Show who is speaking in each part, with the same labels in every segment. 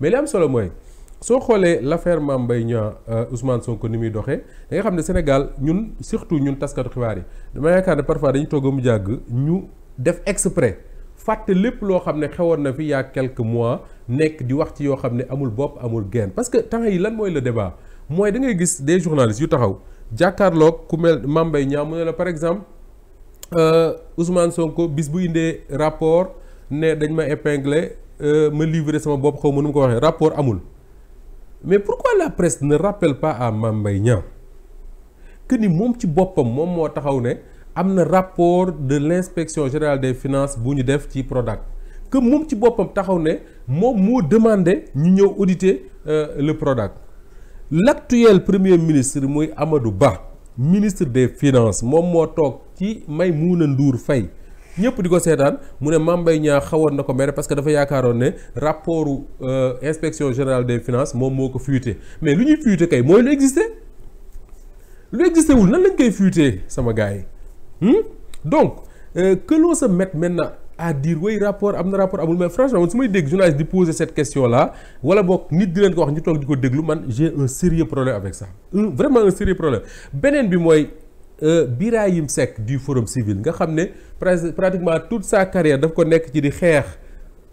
Speaker 1: mais li am solo mooy soo xoolee l'affaire Mame ñaa Niang euh, Ousmane Sonko ni muy doxee danga xam ne Sénégal ñun surtout ñun taskatu xibaar yi dama yaakaar ne parfois dañu toog mu jàgg ñu def exprès fàtte lépp loo xam ne xewoon na fi y a mois nekk di wax ci yoo xam ne amul bopp amul genn parce que temps yi lan mooy la débat mooy da ngay gis des journalistes yu taxaw jàkkaarlook ku mel Mame Mbaye mu ne la par exemple euh, Ousmane Sonko bis bu indee rapport ne dañ ma épinglé Euh, ma livrer sama bopp xaw ma nu mu ko waxee rapport amul mais pourquoi la presque ne rappelle pas à Mame mbay ñaar que ni moom ci boppam moom moo taxaw ne am na rapport de l'inspection générale des finances bu ñu def ci Prodac que moom ci boppam taxaw ne moom moo demandé ñu ñëw auditer euh, le Prodac l'actuel premier ministre muy Amadou Ba ministre des finances moom moo toog ci mu Maïmouna Ndour Faye ñëpp di ko seetaan mu ne Mame Mbaye Niang xawoon na ko mere parce que dafa yaakaaroon ne rapportu euh, inspection général des finances moom moo ko fuité mais lu ñuy fuité kay mooy lu existé lu existé wul nan lañ koy fuité sama gars yi hmm? donc euh, que l'on se mette maintenant à dire way am na rapport amul mais franchement su may dégg journaliste di poser cette question là wala boog nit di leen ko wax ñu toog di ko déglu man j'ai un sérieux problème avec ça un, vraiment un sérieux beneen bi mooy yim euh, Seck du Forum Civil nga xam ne pratiquement toute sa carrière daf ko nekk ci di xeex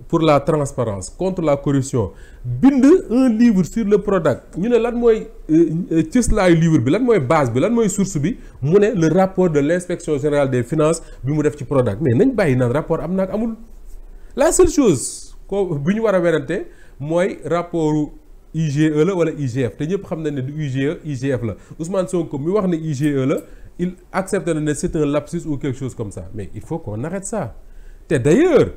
Speaker 1: pour la transparence contre la corruption bind un livre sur le Prodac ñu ne lan mooy euh, euh, cëslaayu livre bi lan mooy base bi lan mooy source bi mu ne le rapport de l'inspection générale des finances bi mu def ci Prodac mais nañ bàyyi naan rapport am na ak amul la seule chose ko bi ñu war a werante mooy rapportu IGE la wala IGF te ñëpp xam na ne du IGE la Ousmane Sonko mi wax ne IGE la il na ne c'est un lapsus ou quelque chose comme sax mais il faut qu'on arrête ça te d'ailleurs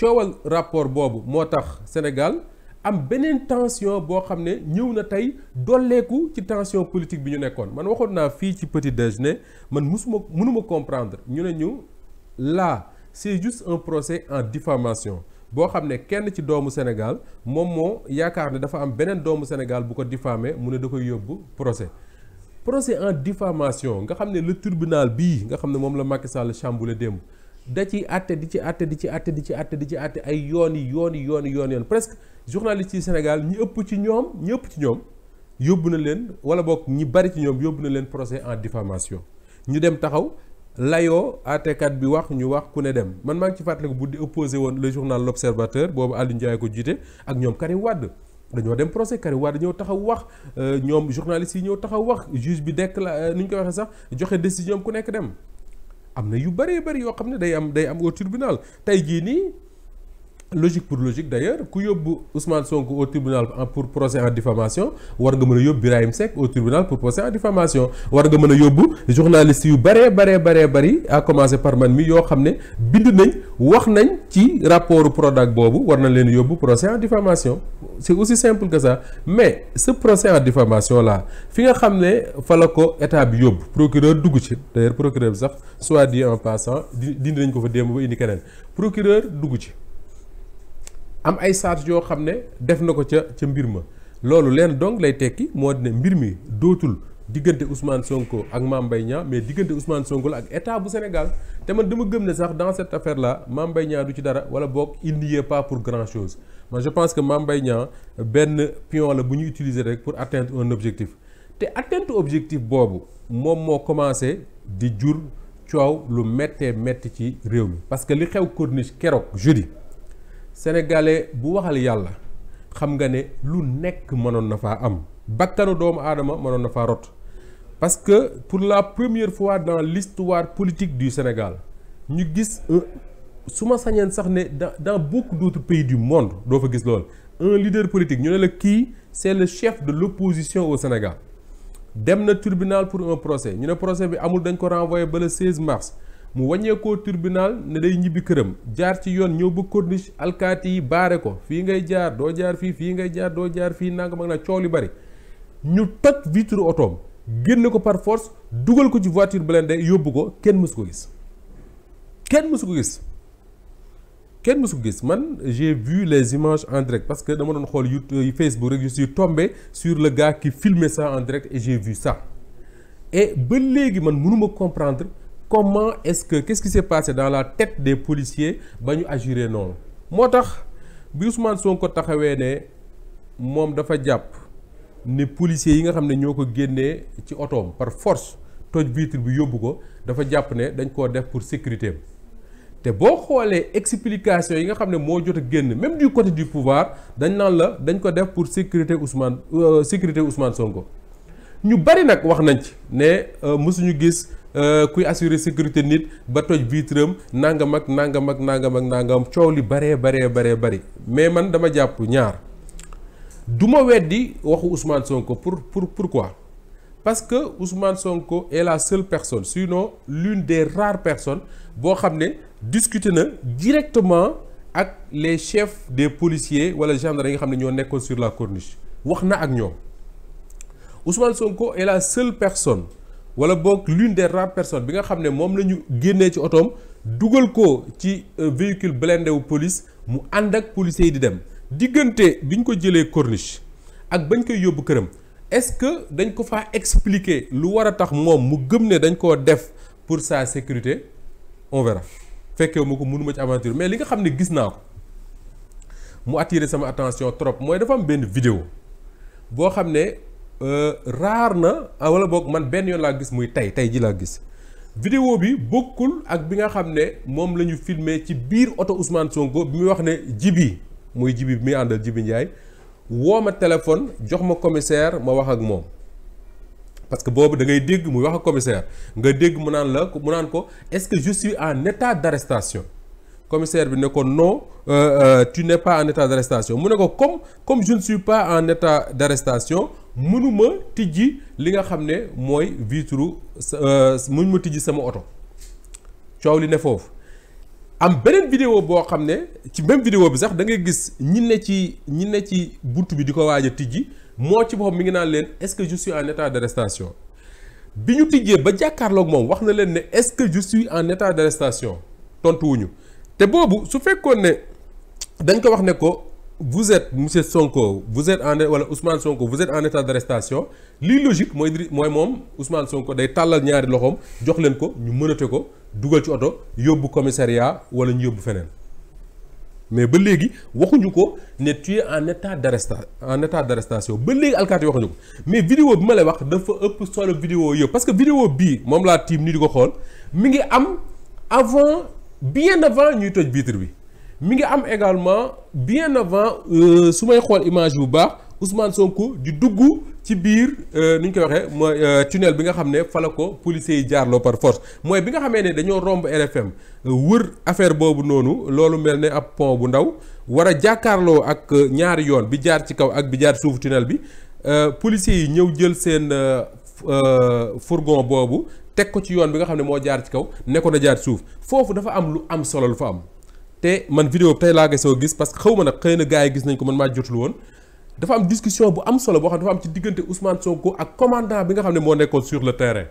Speaker 1: coowal rapport boobu moo tax Sénégal am beneen tension boo xam ne ñëw na tey dolleeku ci tension politique bi ñu nekkoon man waxoon naa fii ci petit déjeuner man musuma mënuma comprendre ñu ne ñu là c'est juste un procès en diffamation boo xam ne kenn ci doomu Sénégal moom moo yaakaar ne dafa am beneen doomu Sénégal bu ko diffamé mu ne da koy yóbbu procès procès en diffamation nga xam ne le tribunal bii nga xam ne moom la Macky Sall chamboulé démb da ciy àtte di ci àtte di ci àtte di ci àtte di ci àtte ay yoon yi yoon yi yoon yi yoon yoon presque journaliste yi Sénégal ñi ëpp ci ñoom ñi ëpp ci ñoom yóbbu na leen wala bokk ñi bari ci ñoom yóbbu na leen procès en diffamation ñu dem taxaw layoo àttekat bi wax ñu wax ku ne dem man maa ngi ci fàttaliku bu di opposé woon le journal L'Observateur boobu Aliou Ndiaye ko jiite ak ñoom Karim Wade dañoo dem procès Karim Wade taxaw wax euh, ñoom journalistes yi ñëw taxaw wax juge bi décla euh, ni ñu ko waxee sax joxe décision ku nekk dem am na yu bëree bëri yoo xam ne day am day am au tribunal tey jii nii. logique pour logique d'ailleurs ku yóbbu Ousmane Sonko au tribunal pour procès en diffamation war nga mën a yóbbu Birahim Seck au tribunal pour procès en diffamation mën a yóbbu journaliste yu bëree baree baree bëri commencer par man mi yoo xam ne bind nañ wax nañ ci rapport Prodac boobu war nañ leen yóbbu procès en diffamation c'est aussi simple que ça mais ce procès en diffamation là fi nga xam ne fa la ko état bi yóbbu procureur dugg ci d'ailleurs procureur bi sax soit dit en passant dindi nañ ko fa démb ba indi keneen procureur dugg ci am ay charge yoo xam ne def na ko ca ca mbir ma loolu leen donc lay tekki moo ne mbir mi dootul diggante Ousmane Sonko ak Mame Mbaye Niang mais diggante Ousmane Sonko la ak état bu Sénégal te man dama gëm ne sax dans cette affaire la Mame Mbaye du ci dara wala boog il n'y pas pour grand chose man je pense que Mame Mbaye benn pion la bu ñu utiliser rek pour atteindre un objectif te atteindre objectif boobu moom moo commencé di jur coow lu mettee métti ci réew mi parce que li xew corniche keroog jeudi sénégalais bu waxal yàlla xam nga ne lu nekk mënoon na faa am bakkanu doomu aadama mënoon na faa rot parce que pour la première fois dans l'histoire politique du Sénégal ñu gis su ma sañeen sax ne da dans beaucoup d'autres pays du monde doo fa gis loolu un leader politique ñu ne la kii c'est le chef de l'opposition au Sénégal dem na tribunal pour un procès ñu ne procès bi amul dañ ko renvoyé ba le 16 mars mu wàññeekoo tribunal ne day ñibbi këram jaar ci yoon ñëw ba corniche alkaati yi baare ko fii ngay jaar doo jaar fii fii ngay jaar doo jaar fii nangam ak na coow li bari ñu toj vitre otoom génn ko par force dugal ko ci voiture blindée yóbbu ko kenn mësu ko gis kenn mësu ko gis kenn mësu gis man j'ai vu les images en direct parce que dama doon xool YouTube Facebook rek je suis tombé sur le gars ki filmait ça en direct et j'ai vu ça ba léegi man mënuma comprendre comment est-ce que qu'est-ce qui s'est passé la tête des policiers ba ñu agiré noonu moo tax bi Ousmane ko taxawee ne moom dafa jàpp ne policiers yi nga xam ne ñoo ko génnee ci otoom par force toj vitre bi yóbbu ko dafa jàpp ne dañ koo def pour sécurité te boo xoolee explication yi nga xam ne moo jot a génn même du côté du pouvoir dañ naan la dañ ko def pour sécurité Ousmane euh, sécurité Ousmane Sonko ñu bari nag wax nañ ci ne euh, mosuñu gis Euh, kuy assurer sécurité nit ba toj vitram nangam ak nangam ak nangam ak nangam coow li baree baree baree bari mais man dama jàpp ñaar du ma weddi waxu Ousmane Sonko pour pour pourquoi parce que Ousmane Sonko est la seule personne sinon l'une des rares personnes boo xam ne discuté na directement ak les chef des policiers wala gendarmes yi nga xam ne ñoo nekkoon sur la corniche wax na ak ñoom Ousmane Sonko est la seule personnes wala boog l'une des rares personnes bi nga xam ne moom la ñu génnee ci otoom dugal ko ci euh, véhicule blindé police mu ànd ak policiers yi di dem diggante bi ñu ko jëlee corniche ak bañ koy yóbbu këram est-ce que dañ ko faa expliquer lu war a tax moom mu gëm ne dañ koo def pour sa sécurité on verra fekkee ma ko mënuma ci aventure mais li nga xam ne gis naa ko mu attire sama attention trop mooy dafa am benn vidéo boo xam ne. Euh, raar na ah, wala boog man benn yoon laa gis muy tey tey ji laa gis. vidéo bi bokkul ak bi nga xam ne moom la ñu filmé ci biir oto Ousmane Sonko bi muy wax ne jibi muy jibi bi muy àndal jibi Ndiaye woo ma téléphone jox ma commissaire ma wax ak moom. parce que boobu da ngay dégg muy wax ak commissaire nga dégg mu naan la mu naan ko est-ce que je suis en état d'arrestation commissaire bi ne ko non euh, euh, tu n'es pas en état d'arrestation mu ne ko comme comme je ne suis pas en état d'arrestation mënuma tijji li nga xam ne mooy vitre euh, mënuma tijji sama oto coow li ne foofu am beneen vidéo boo xam ne ci même vidéo bi sax dangay gis ñi ne ci ñi ne ci bunt bi di ko waaj a tijji moo ci boppam mi ngi naan leen est-ce que je suis en état d'arrestation bi ñu tijjee ba jàkkaarlook moom wax na leen ne est-ce que je suis en état d'arrestation tontu wuñu te boobu su fekkoon ne dañ ko wax ne ko vous êtes monsieur Sonko vous êtes en wala Ousmane Sonko vous êtes en état d'arrestation lii logique mooy di mooy moom usman Sonko day tàllal ñaari loxoom jox leen ko ñu mënate ko dugal ci oto yóbbu commissaria wala ñu yóbbu feneen mais ba léegi waxuñu ko ne tu es en état d'arresta en état d'arrestation ba léegi alkaati waxuñu ko mais vidéo bi ma lay wax dafa ëpp solo vidéo yëpp parce que vidéo bii moom laa tiim ni di ko xool mi ngi am avant bien avant ñuy toj vitre bi. mi ngi am également bien avant euh, su may xool image bu baax Ousmane Sonko di dugg ci biir euh, nu ñu koy waxee mooy euh, tunnel bi nga xam ne fa la ko policiers yi jaarloo par force mooy bi nga xamee ne dañoo romb RFM wër affaire boobu noonu loolu mel ne ab pont bu ndaw war a jàkkaarloo ak ñaari yoon bi jaar ci kaw ak bi jaar suuf tunnel bi policiers yi ñëw jël seen fourgon boobu teg ko ci yoon bi nga xam ne moo jaar ci kaw nekkoon na jaar suuf foofu dafa am lu am solo lu fa am. te man vidéo bi tey laa soo gis parce que xaw ma nag xëy na gars yi gis nañ ko man maa jotul woon dafa am discussion bu am solo boo xam dafa am ci diggante Ousmane Sonko ak commandant bi nga xam ne moo nekkoon sur terrain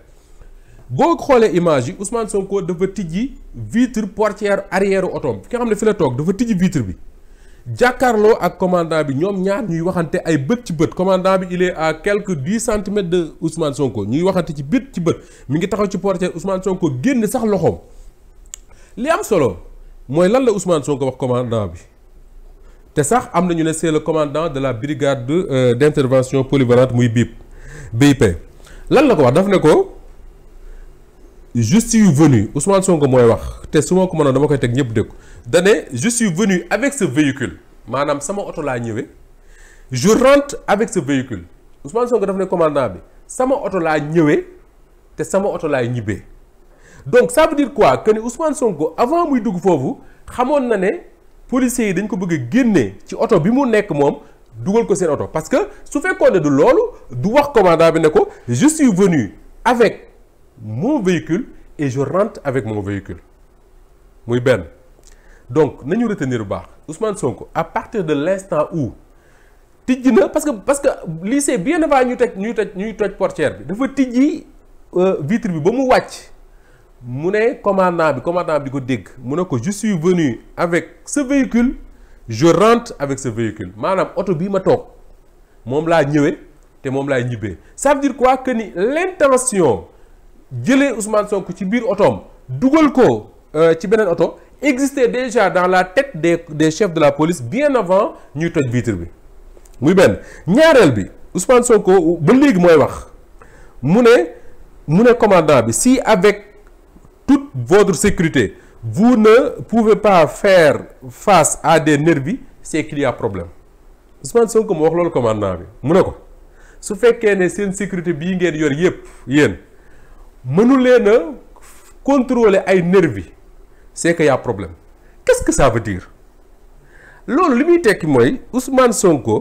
Speaker 1: boo xoolee image yi Ousmane Sonko dafa tijji vitre portière arrière oto bi nga xam ne fi la toog dafa tijji vitre bi jàkkaarloo ak commandant bi ñoom ñaar ñuy waxante ay bët ci bët commandant bi il est à quelques dix centimètres de Ousmane Sonko ñuy waxante ci bët ci bët mi ngi taxaw ci portière Ousmane Sonko génn sax loxoom li am solo. mooy lan la Ousmane Sonko wax commandant bi te sax am nañu ne c'est le commandant de la brigade euh, d'intervention polyvalente muy BIP BIP lan la ko wax daf ne ko je suis venu Ousmane Sonko mooy wax te su ma ko mënoon dama koy teg ñëpp dégg ko da yu je suis venu avec ce véhicule maanaam sama oto laa ñëwee je rentre avec ce véhicule Ousmane Sonko daf ne commandant bi sama oto laa ñëwee te sama oto laay ñibbee. donc ça veut dire quoi que ni Ousmane Sonko avant muy dugg foofu xamoon na ne policiers yi dañ ko bëgg génne ci oto bi mu nekk moom dugal ko seen oto parce que su fekkoon de du loolu du wax commandant bi ne ko je suis venu avec mon véhicule et je rentre avec mon véhicule muy benn donc nañu retenir bu baax Ousmane Sonko à partir de l'instant où tijji na parce que parce que lycée bien avant ñu toj ñuy toj ñuy toj portière bi dafa tijji euh, vitre bi ba mu wàcc. mu ne commandant bi commandant bi di ko dégg mu ne ko je suis venu avec ce véhicule je rentre avec ce véhicule maanaam oto bii ma toog moom laa ñëwee te moom laay ñibbee ça veut dire quoi que ni l'intention jëlee Ousmane Sonko ci biir otoom dugal ko euh, ci beneen oto existait déjà dans la tête de des chef de la police bien avant ñuy toj vitre bi muy benn ñaareel bi Ousmane Sonko ba léegi mooy wax mu ne mu ne commandant bi si avec. toute votre sécurité vous na pouvez pas faire face à des nervis c'est qu'il problème Ousmane Sonko moo wax loolu commandant bi mu ne ko su fekkee ne seen sécurité bii ngeen yor yépp yéen mënu leen a contrôler ay nervis c'est que y a problème qu'est-ce que ça veut loolu li muy tekki mooy Ousmane Sonko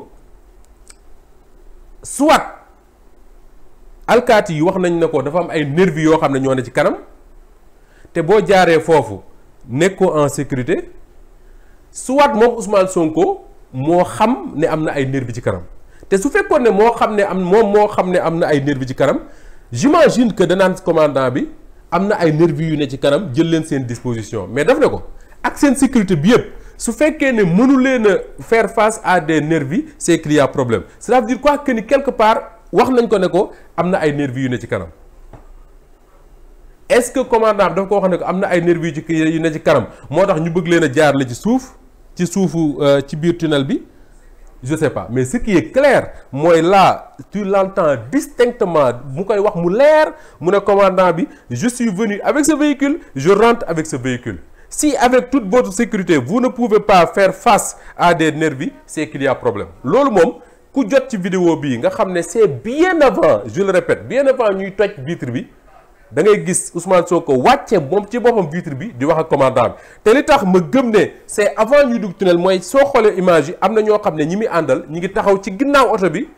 Speaker 1: soit alkaati yi wax nañ ne ko dafa am ay nervis yoo xam ne ñoo ne ci kanam te boo jaaree foofu nekkoo en sécurité soit moom Ousmane Sonko moo xam ne am na ay nervi ci kanam te su fekkoon ne moo xam ne am moom moo xam ne am na ay nervi ci kanam j'imagine que danaan commandant bi am na ay nervi yu ne ci kanam jël leen seen disposition mais daf ne ko ak seen sécurité bi yëpp su fekkee ne mënu leen a faire face à des nervis c'est qu'il a problème cela veut dire quoi que ni quelque part wax nañ ko ne ko am na ay nervi yu ne ci kanam est-ce que commandant bi dafa ko wax ne ko am na ay nervis yu ci yu ne ci kanam moo tax ñu bëgg leen jaar la ci suuf ci suufu euh, ci biir tunnel bi je sais pas mais ce qui est clair mooy là tu l'entends distinctement mu koy wax mu leer mu ne commandant bi je suis venu avec ce véhicule je rentre avec ce véhicule si avec toute votre sécurité vous ne pouvez pas fair face à des nervis c'est problème loolu moom ku jot ci vidéo bii nga xam ne c'est bien avant je le répète bien avant ñuy toj vitre bi da ngay gis Ousmane Sonko wàcce moom ci boppam vitre bi di wax ak commandant te li tax ma gëm ne c' est avant ñu dugg tunnel mooy soo xoolee image yi am na ñoo xam ne ñi muy àndal ñi ngi taxaw ci ginnaaw oto bi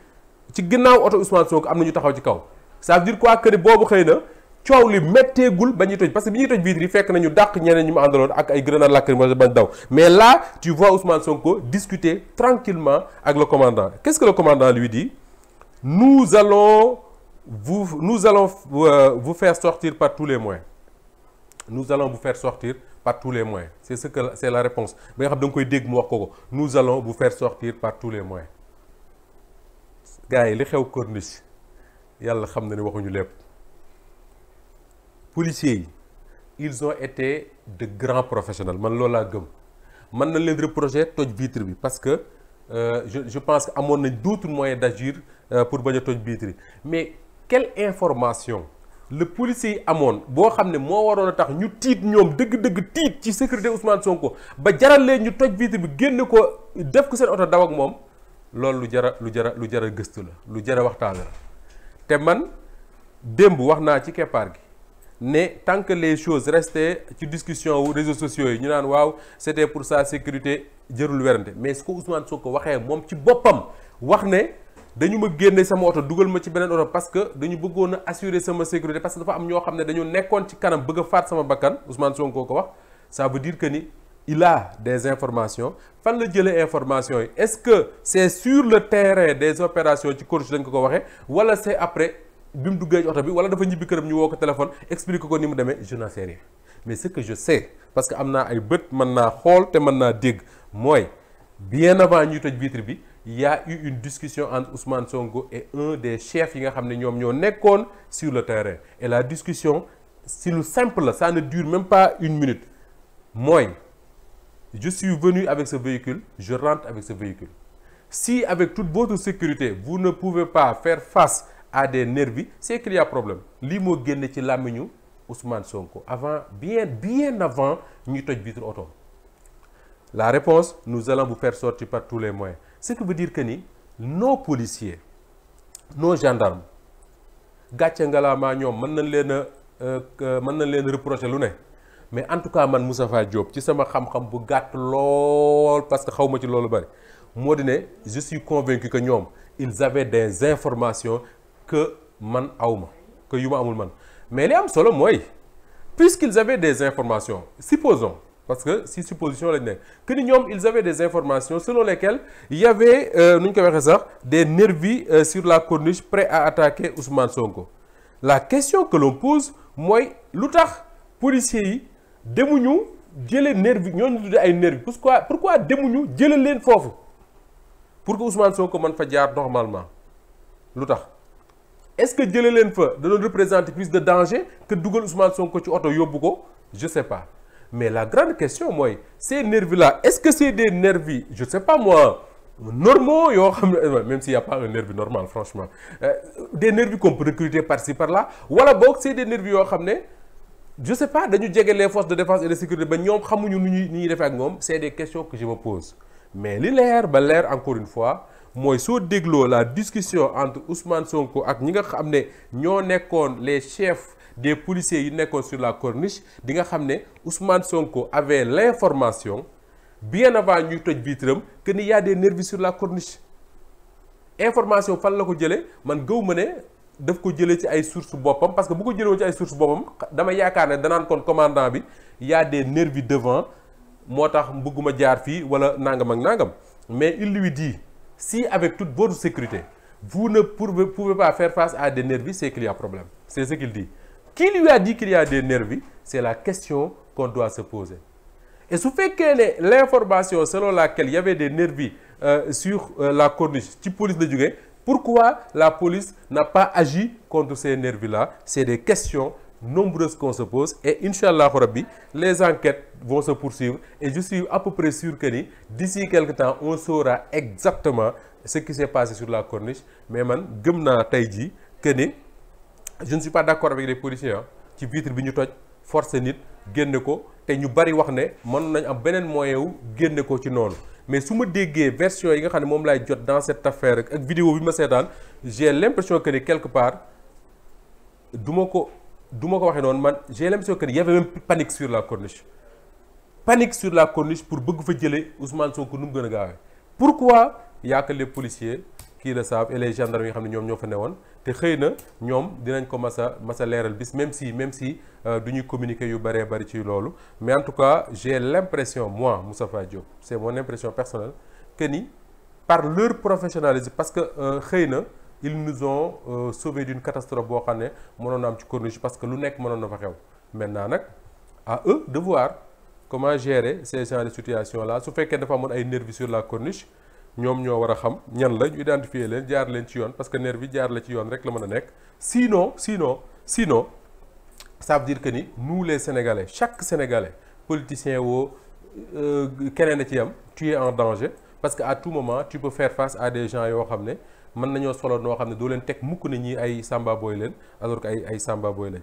Speaker 1: ci ginnaaw oto Ousmane Sonko am na ñu taxaw ci kaw sa veut dire quoi que boobu xëy na coow li métteegul ba ñu toj parce que bi ñuy toj vitre yi fekk nañu dàq ñeneen ñu mu àndaloon ak ay grenade lacrymogène bañ daw mais là tu vois Ousmane Sonko ak le commandant qu'est-ce que le commandant lui dit nous allons vous nous allons euh, vous faire sortir par tous les moyens nous allons vous faire sortir par tous les moyens c'est ce que c'est la réponse ba nga xam da nga koy dégg mu wax ko ko nous allons vous faire sortir par tous les moyens gars yi li xew corniche yàlla xam na ne waxuñu lépp policiers yi ils ont été de grands professionnels man loolu laa gëm mën na leen projet toj vitre bi parce que euh, je je pense que amoon nañ d'autres moyens d'agir euh, pour bañ a toj vitre mais quelle information le policier yi amoon boo xam ne moo waroon a tax ñu tiit ñoom dëgg-dëgg tiit ci sécurité Ousmane Sonko ba jaral leen ñu toj vitre bi génn ko def ko seen oto daw ak moom loolu lu jara lu jara lu jara gëstu la lu jara waxtaan la te man démb wax naa ci keppaar gi ne tant que les choses reste ci discussion wu réseaux sociaux yi ñu naan waaw c'était pour sa sécurité jërul werante mais ce que Ousmane Sonko waxee moom ci boppam wax ne. dañu ma génne sama oto dugal ma ci beneen oto parce que dañu bëggoon a sama sécurité parce que dafa am ñoo xam ne dañoo nekkoon ci kanam bëgg a faat sama bakkan Ousmane Sonko ko wax ça veut dire ni il a des informations fan la jëlee information yi est-ce que c'est sur le terrain des opérations ci corche dañ ko ko waxee wala c'est après bi mu duggee ci oto bi wala dafa ñibbi këram ñu woo ko téléphone explique ko ni mu demee je n'en mais ce que je sais parce que am naa ay bët mën naa xool te mën naa dégg mooy bien avant ñuy toj vitre bi. y eu une discussion entre Ousmane Sonko et un des chefs yi nga xam ne ñoom ñoo nekkoon sur le terrain et la discussion si lu simple la ça ne dure même pas une minute mooy je suis venu avec ce véhicule je rentre avec ce véhicule si avec toute votre sécurité vous ne pouvez pas faire face à des nervis c'est qu'il problème lii moo génne ci làmmiñu Ousmane Sonko avant bien bien avant ñuy toj vitre oto la réponse nous allons bu faire sorti par tous les moyens ce qui veut dire que ni nos policiers nos gendarmes gàcce ngalaamaa ñoom mën nañ leen a euh, euh, mën nañ leen reprocher lu ne mais en tout cas man Moustapha Diop ci sama xam-xam bu gàtt lool parce que xaw ma ci loolu bari moo di ne je suis convaincu que ñoom ils avaient des informations que man aw ma que yu ma amul man mais li am solo mooy puisqu'ils avaient des informations supposons parce que si supposition lañ nekk que ni ñoom ils avaient des informations selon lesquelles il y avait euh, nu ñu ko waxee sax des nervis euh, sur la corniche prêts à attaquer Ousmane Sonko la question que pose mooy lu tax policiers yi demuñu jële nervi ñooñu tuddee ay pour pourquoi pourquoi demuñu jëlee leen foofu pour que Ousmane Sonko mën fa jaar normalement lu tax est-ce que jëlee leen fa da doon représenter plus de danger que dugal Ousmane Sonko ci oto yóbbu ko je sais mais la grande question mooy ces nervis là est-ce que c'est des nervis je sais pas moi normaux yoo xam ne même si y a pas un nervi normal franchement euh, des nervis qu'on peut recruter par-ci par-là wala boog c'est des nervis yoo xam ne je sais pas dañu jege les forces de défense et de sécurité ba ñoom xamuñu nu ñuy nu ñuy defee ak moom c'est des questions que je me pose mais li leer ba leer encore une fois mooy soo dégloo la discussion entre Ousmane Sonko ak ñi nga xam ne ñoo nekkoon les chefs des policiers yi nekkoon sur la corniche di nga xam ne Ousmane Sonko avait l'information bien avant ñuy toj vitre-am que ni y a des nervis sur la corniche information fan la ko jëlee man gëw ma ne daf ko jëlee ci ay source boppam parce que bu ko jëlee woon ci ay sources boppam dama yaakaar ne danaan kon commandant bi y a des nervis devant moo tax bëgguma jaar fii wala nangam ak nangam mais il lui si avec toute votre sécurité vous ne pour pas faire face à des nervis a problème c'est ce qui lui a dit qu'il y a des nervis c'est la question qu'on doit se poser et su fekkee ne l'information selon laquelle il y avait des nervis euh, sur euh, la corniche ci police la jógee pourquoi la police n'a pas agi contre ces nervis là c'est des questions nombreuses qu'on se pose et incha allahu rabbi les enquêtes vont se poursuivre et je suis à peu près sûr que ni d'ici quelque temps on saura exactement ce qui s'est passé sur la corniche mais man gëm naa tey jii que je ne suis pas d' accord avec les policiers ah ci vitre bi ñu toj forcé nit génne ko te ñu bari wax ne mën nañ am beneen moyen génne ko ci noonu mais su ma déggee version yi nga xam ne moom laay jot dans cette affaire ak vidéo bi ma seetaan j'ai l'impression que ni quelque part du ma ko duma ko waxee noonu man j'ai l'impression que ni y avait panique sur la corniche panique sur la corniche pour bëgg fa jëlee ousman soo ko mu gën a gaawee pourquoi y les policiers kii de saab et les gendarmes yi nga xam ne ñoom ñoo fa newoon te xëy na ñoom dinañ ko mas a mas leeral bis même si même si euh, du ñuy communiqué yu bëree bëri ci loolu mais en tout cas j'ai l'impression moi Moustapha Diop c'est mon impression personnelle que ni par leur professionnalisme parce que euh, xëy na ils nous ont euh, sauvé d'une catastrophe boo xam ne mënoon na am ci corniche parce que lu nekk mënoon na fa xew maintenant nag ah eux de voir comment gérer ces genres de situation là su fekkee dafa amoon ay nervis la corniche ñoom ñoo war a xam ñan la ñu identifier leen jaar leen ci yoon parce que nerf bi jaar la ci yoon rek la mën a nekk sinon sinon siino ça veut dire que ni nous les sénégalais chaque sénégalais politicien woo euh, keneen a ci yam tu es en danger parce que à tout moment tu peux faire face à des gens yoo xam ne mën nañoo solo noo xam ne doo leen teg mukk na ñi ay samba leen alors que ay ay samba lañ.